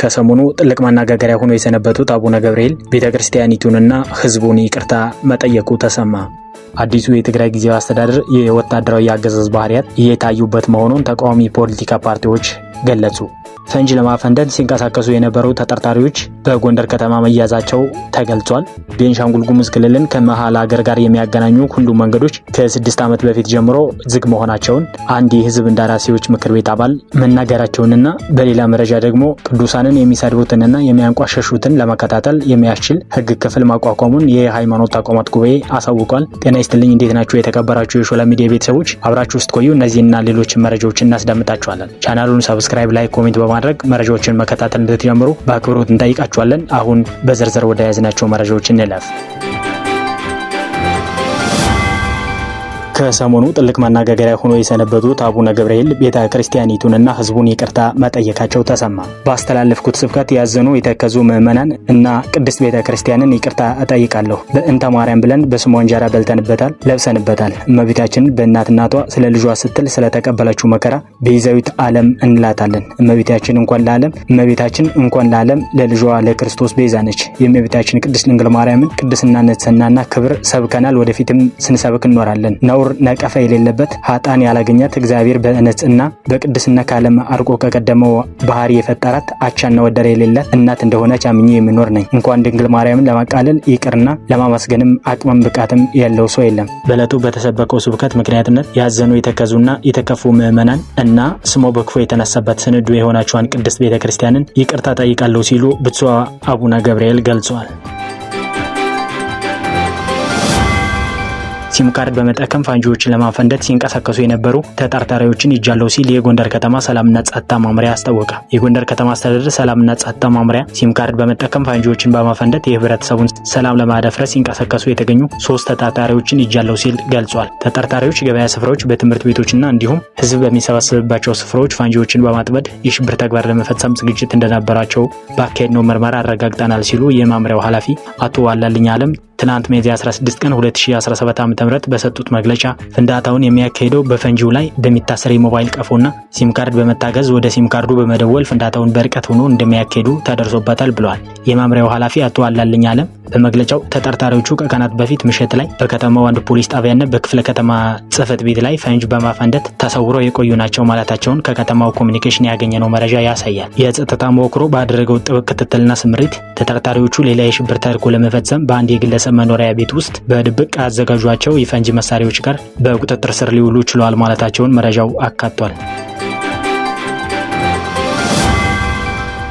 ከሰሞኑ ጥልቅ መነጋገሪያ ሆኖ የሰነበቱት አቡነ ገብርኤል ቤተ ክርስቲያኒቱንና ሕዝቡን ይቅርታ መጠየቁ ተሰማ። አዲሱ የትግራይ ጊዜያዊ አስተዳደር የወታደራዊ አገዛዝ ባህሪያት እየታዩበት መሆኑን ተቃዋሚ ፖለቲካ ፓርቲዎች ገለጹ። ፈንጅ ለማፈንደት ሲንቀሳቀሱ የነበሩ ተጠርጣሪዎች በጎንደር ከተማ መያዛቸው ተገልጿል። ቤንሻንጉል ጉሙዝ ክልልን ከመሀል አገር ጋር የሚያገናኙ ሁሉም መንገዶች ከስድስት ዓመት በፊት ጀምሮ ዝግ መሆናቸውን አንድ የህዝብ እንደራሴዎች ምክር ቤት አባል መናገራቸውንና በሌላ መረጃ ደግሞ ቅዱሳንን የሚሰድቡትንና የሚያንቋሸሹትን ለመከታተል የሚያስችል ህግ ክፍል ማቋቋሙን የሃይማኖት ተቋማት ጉባኤ አሳውቋል። ጤና ይስጥልኝ። እንዴት ናችሁ? የተከበራችሁ የሾላ ሚዲያ ቤተሰቦች አብራችሁ ውስጥ ቆዩ። እነዚህና ሌሎችን መረጃዎችን እናስደምጣችኋለን። ቻናሉን ሰብስክራይብ፣ ላይክ፣ ኮሜንት በማድረግ መረጃዎችን መከታተል እንድትጀምሩ በአክብሮት እንጠይቃችኋለን። አሁን በዝርዝር ወደ ያዝናቸው መረጃዎች እንለፍ። ከሰሞኑ ጥልቅ መነጋገሪያ ሆኖ የሰነበቱት አቡነ ገብርኤል ቤተ ክርስቲያኒቱንና ህዝቡን ይቅርታ መጠየቃቸው ተሰማ። ባስተላለፍኩት ስብከት ያዘኑ የተከዙ ምዕመናን እና ቅድስት ቤተ ክርስቲያንን ይቅርታ እጠይቃለሁ። በእንተ ማርያም ብለን በስሟ እንጀራ በልተንበታል፣ ለብሰንበታል። እመቤታችንን በእናትናቷ ስለ ልጇ ስትል ስለተቀበለችው መከራ ቤዛዊት ዓለም እንላታለን። እመቤታችን እንኳን ለዓለም እመቤታችን እንኳን ለዓለም ለልጇ ለክርስቶስ ቤዛ ነች። የእመቤታችን ቅድስት ድንግል ማርያምን ቅድስና ንጽሕናና ክብር ሰብከናል። ወደፊትም ስንሰብክ እንኖራለን። ነውር ጥቁር ነቀፋ የሌለበት ሀጣን ያላገኛት እግዚአብሔር በንጽህና በቅድስና ካለም አርቆ ከቀደመው ባህሪ የፈጠራት አቻና ወደር የሌላት እናት እንደሆነች አምኜ የምኖር ነኝ። እንኳን ድንግል ማርያምን ለማቃለል ይቅርና ለማማስገንም አቅምም ብቃትም ያለው ሰው የለም። በዕለቱ በተሰበከው ስብከት ምክንያትነት ያዘኑ የተከዙና የተከፉ ምዕመናን እና ስሞ በክፎ የተነሳበት ስንዱ የሆናቸዋን ቅድስት ቤተ ክርስቲያንን ይቅርታ ጠይቃለሁ ሲሉ ብፁዕ አቡነ ገብርኤል ገልጸዋል። ሲም ካርድ በመጠቀም ፋንጂዎችን ለማፈንደት ሲንቀሳቀሱ የነበሩ ተጠርጣሪዎችን ይጃለው ሲል የጎንደር ከተማ ሰላምና ጸጥታ ማምሪያ አስታወቀ። የጎንደር ከተማ አስተዳደር ሰላምና ጸጥታ ማምሪያ ሲም ካርድ በመጠቀም ፋንጂዎችን በማፈንደት የህብረተሰቡን ሰላም ለማደፍረስ ሲንቀሳቀሱ የተገኙ ሶስት ተጠርጣሪዎችን ይጃለው ሲል ገልጿል። ተጠርጣሪዎች ገበያ ስፍራዎች፣ በትምህርት ቤቶችና እንዲሁም ህዝብ በሚሰባሰብባቸው ስፍራዎች ፋንጂዎችን በማጥመድ የሽብር ተግባር ለመፈጸም ዝግጅት እንደነበራቸው ባካሄድ ነው ምርመራ አረጋግጠናል ሲሉ የማምሪያው ኃላፊ አቶ ዋላለኝ አለም ትናንት ሚያዝያ 16 ቀን 2017 ዓ.ም በሰጡት መግለጫ ፍንዳታውን የሚያካሄደው በፈንጂው ላይ በሚታሰር የሞባይል ቀፎና ሲም ካርድ በመታገዝ ወደ ሲም ካርዱ በመደወል ፍንዳታውን በርቀት ሆኖ እንደሚያካሄዱ ተደርሶበታል ብለዋል። የማምሪያው ኃላፊ አቶ አላልኝ አለም በመግለጫው ተጠርጣሪዎቹ ከቀናት በፊት ምሽት ላይ በከተማው አንድ ፖሊስ ጣቢያና በክፍለ ከተማ ጽህፈት ቤት ላይ ፈንጅ በማፈንደት ተሰውረው የቆዩ ናቸው ማለታቸውን ከከተማው ኮሚኒኬሽን ያገኘነው መረጃ ያሳያል። የጸጥታ መወክሮ ባደረገው ጥብቅ ክትትልና ስምሪት ተጠርጣሪዎቹ ሌላ የሽብር ተልዕኮ ለመፈጸም በአንድ የግለሰብ መኖሪያ ቤት ውስጥ በድብቅ አዘጋጇቸው የፈንጅ መሳሪያዎች ጋር በቁጥጥር ስር ሊውሉ ችለዋል ማለታቸውን መረጃው አካቷል።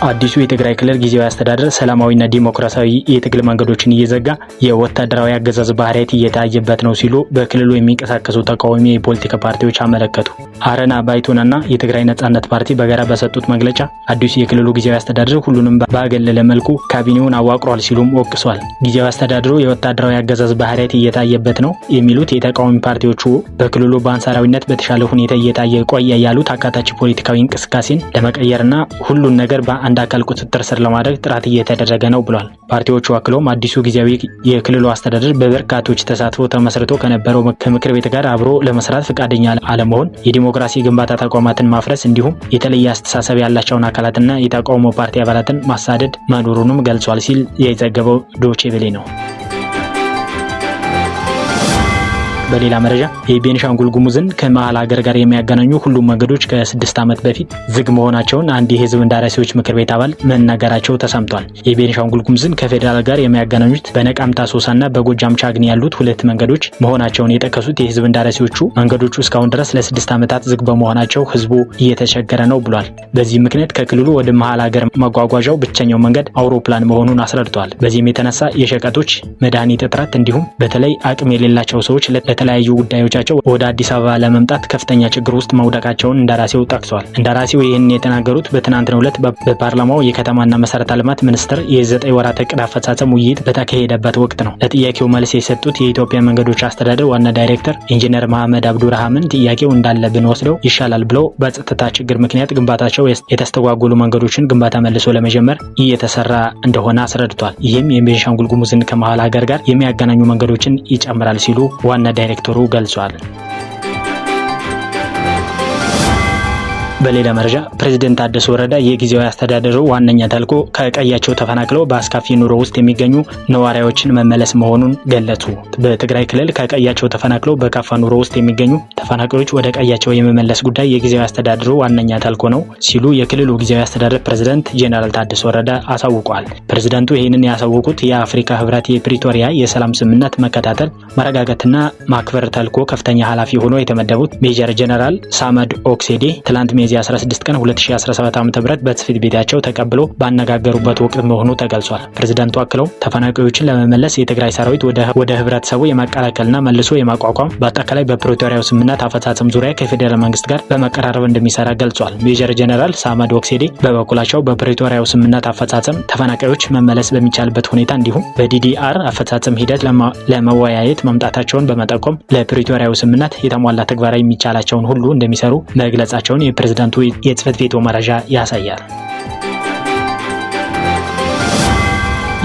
አዲሱ የትግራይ ክልል ጊዜያዊ አስተዳደር ሰላማዊና ዲሞክራሲያዊ የትግል መንገዶችን እየዘጋ የወታደራዊ አገዛዝ ባህሪያት እየታየበት ነው ሲሉ በክልሉ የሚንቀሳቀሱ ተቃዋሚ የፖለቲካ ፓርቲዎች አመለከቱ። አረና፣ ባይቶናና የትግራይ ነጻነት ፓርቲ በጋራ በሰጡት መግለጫ አዲሱ የክልሉ ጊዜያዊ አስተዳደር ሁሉንም ባገለለ መልኩ ካቢኔውን አዋቅሯል ሲሉም ወቅሷል። ጊዜያዊ አስተዳደሩ የወታደራዊ አገዛዝ ባህሪያት እየታየበት ነው የሚሉት የተቃዋሚ ፓርቲዎቹ በክልሉ በአንሳራዊነት በተሻለ ሁኔታ እየታየ ቆየ ያሉት አካታች ፖለቲካዊ እንቅስቃሴን ለመቀየርና ሁሉን ነገር በአንድ አንድ አካል ቁጥጥር ስር ለማድረግ ጥራት እየተደረገ ነው ብሏል። ፓርቲዎቹ አክሎም አዲሱ ጊዜያዊ የክልሉ አስተዳደር በበርካቶች ተሳትፎ ተመስርቶ ከነበረው ከምክር ቤት ጋር አብሮ ለመስራት ፈቃደኛ አለመሆን፣ የዲሞክራሲ ግንባታ ተቋማትን ማፍረስ እንዲሁም የተለየ አስተሳሰብ ያላቸውን አካላትና የተቃውሞ ፓርቲ አባላትን ማሳደድ መኖሩንም ገልጿል ሲል የዘገበው ዶቼ ቬሌ ነው። በሌላ መረጃ የቤንሻንጉል ጉሙዝን ከመሀል ሀገር ጋር የሚያገናኙ ሁሉም መንገዶች ከስድስት ዓመት በፊት ዝግ መሆናቸውን አንድ የህዝብ እንደራሴዎች ምክር ቤት አባል መናገራቸው ተሰምቷል። የቤንሻንጉል ጉሙዝን ከፌዴራል ጋር የሚያገናኙት በነቃምታ ሶሳና በጎጃም ቻግኒ ያሉት ሁለት መንገዶች መሆናቸውን የጠቀሱት የህዝብ እንደራሴዎቹ መንገዶቹ እስካሁን ድረስ ለስድስት ዓመታት ዝግ በመሆናቸው ህዝቡ እየተቸገረ ነው ብሏል። በዚህ ምክንያት ከክልሉ ወደ መሀል ሀገር መጓጓዣው ብቸኛው መንገድ አውሮፕላን መሆኑን አስረድተዋል። በዚህም የተነሳ የሸቀጦች መድኃኒት እጥረት እንዲሁም በተለይ አቅም የሌላቸው ሰዎች በተለያዩ ጉዳዮቻቸው ወደ አዲስ አበባ ለመምጣት ከፍተኛ ችግር ውስጥ መውደቃቸውን እንደራሴው ጠቅሷል። እንደራሴው ይህን የተናገሩት በትናንትናው ዕለት በፓርላማው የከተማና መሰረተ ልማት ሚኒስቴር የዘጠኝ ወራት እቅድ አፈጻጸም ውይይት በተካሄደበት ወቅት ነው። ለጥያቄው መልስ የሰጡት የኢትዮጵያ መንገዶች አስተዳደር ዋና ዳይሬክተር ኢንጂነር መሐመድ አብዱራህምን ጥያቄው እንዳለብን ወስደው ይሻላል ብለው በጸጥታ ችግር ምክንያት ግንባታቸው የተስተጓጎሉ መንገዶችን ግንባታ መልሶ ለመጀመር እየተሰራ እንደሆነ አስረድቷል። ይህም የቤንሻንጉል ጉሙዝን ከመሀል ሀገር ጋር የሚያገናኙ መንገዶችን ይጨምራል ሲሉ ዋና ዳይሬክተሩ ገልጿል በሌላ መረጃ ፕሬዚደንት ታደሰ ወረደ የጊዜያዊ አስተዳደሩ ዋነኛ ተልዕኮ ከቀያቸው ተፈናቅለው በአስካፊ ኑሮ ውስጥ የሚገኙ ነዋሪዎችን መመለስ መሆኑን ገለጹ። በትግራይ ክልል ከቀያቸው ተፈናቅለው በከፋ ኑሮ ውስጥ የሚገኙ ተፈናቃዮች ወደ ቀያቸው የመመለስ ጉዳይ የጊዜያዊ አስተዳደሩ ዋነኛ ተልዕኮ ነው ሲሉ የክልሉ ጊዜያዊ አስተዳደር ፕሬዚደንት ጄኔራል ታደሰ ወረደ አሳውቋል። ፕሬዚደንቱ ይህንን ያሳወቁት የአፍሪካ ህብረት የፕሪቶሪያ የሰላም ስምምነት መከታተል፣ መረጋጋትና ማክበር ተልዕኮ ከፍተኛ ኃላፊ ሆኖ የተመደቡት ሜጀር ጄኔራል ሳመድ ኦክሴዴ ትላንት ሚያዝያ 16 ቀን 2017 ዓ.ም በጽሕፈት ቤታቸው ተቀብሎ ባነጋገሩበት ወቅት መሆኑ ተገልጿል። ፕሬዝዳንቱ አክለው ተፈናቃዮችን ለመመለስ የትግራይ ሰራዊት ወደ ህብረተሰቡ የማቀላቀልና መልሶ የማቋቋም በአጠቃላይ በፕሪቶሪያው ስምምነት አፈጻጸም ዙሪያ ከፌዴራል መንግስት ጋር በመቀራረብ እንደሚሰራ ገልጿል። ሜጀር ጀነራል ሳማድ ወክሴዴ በበኩላቸው በፕሪቶሪያው ስምምነት አፈጻጸም ተፈናቃዮች መመለስ በሚቻልበት ሁኔታ እንዲሁም በዲዲአር አፈጻጸም ሂደት ለመወያየት መምጣታቸውን በመጠቆም ለፕሪቶሪያው ስምምነት የተሟላ ተግባራዊ የሚቻላቸውን ሁሉ እንደሚሰሩ መግለጻቸውን የፕሬዝዳንት የፕሬዝዳንቱ የጽህፈት ቤቱ መረጃ ያሳያል።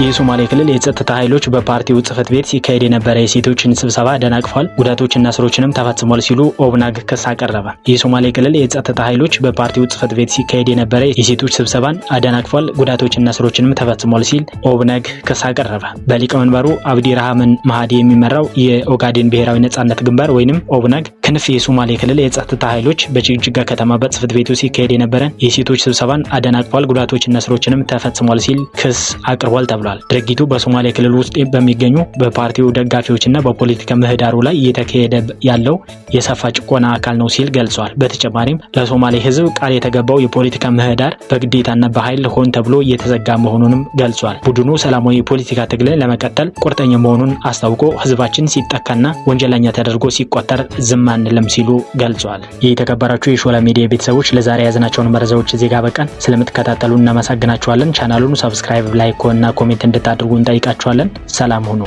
የሶማሌ ክልል የጸጥታ ኃይሎች በፓርቲው ጽህፈት ቤት ሲካሄድ የነበረ የሴቶችን ስብሰባ አደናቅፏል፣ ጉዳቶችና ስሮችንም ተፈጽሟል ሲሉ ኦብነግ ክስ አቀረበ። የሶማሌ ክልል የጸጥታ ኃይሎች በፓርቲው ጽህፈት ቤት ሲካሄድ የነበረ የሴቶች ስብሰባን አደናቅፏል፣ ጉዳቶችና ስሮችንም ተፈጽሟል ሲል ኦብነግ ክስ አቀረበ። በሊቀመንበሩ አብዲ ረሃምን መሃዲ የሚመራው የኦጋዴን ብሔራዊ ነጻነት ግንባር ወይንም ኦብነግ ክንፍ የሶማሌ ክልል የጸጥታ ኃይሎች በጅግጅጋ ከተማ በጽህፈት ቤቱ ሲካሄድ የነበረን የሴቶች ስብሰባን አደናቅፏል፣ ጉዳቶችና ስሮችንም ተፈጽሟል ሲል ክስ አቅርቧል ተብሏል። ድርጊቱ በሶማሌ ክልል ውስጥ በሚገኙ በፓርቲው ደጋፊዎችና በፖለቲካ ምህዳሩ ላይ እየተካሄደ ያለው የሰፋ ጭቆና አካል ነው ሲል ገልጿል። በተጨማሪም ለሶማሌ ሕዝብ ቃል የተገባው የፖለቲካ ምህዳር በግዴታና በኃይል ሆን ተብሎ እየተዘጋ መሆኑንም ገልጿል። ቡድኑ ሰላማዊ የፖለቲካ ትግልን ለመቀጠል ቁርጠኛ መሆኑን አስታውቆ ሕዝባችን ሲጠካና ወንጀለኛ ተደርጎ ሲቆጠር ዝማ አንልም ሲሉ ገልጿል። የተከበራችሁ የሾላ ሚዲያ ቤተሰቦች ለዛሬ የያዝናቸውን መረጃዎች እዚህ ጋር በቃን። ስለምትከታተሉ እናመሰግናችኋለን። ቻናሉን ሰብስክራይብ፣ ላይክ እና ኮሜንት እንድታደርጉ እንጠይቃችኋለን። ሰላም ሁኑ።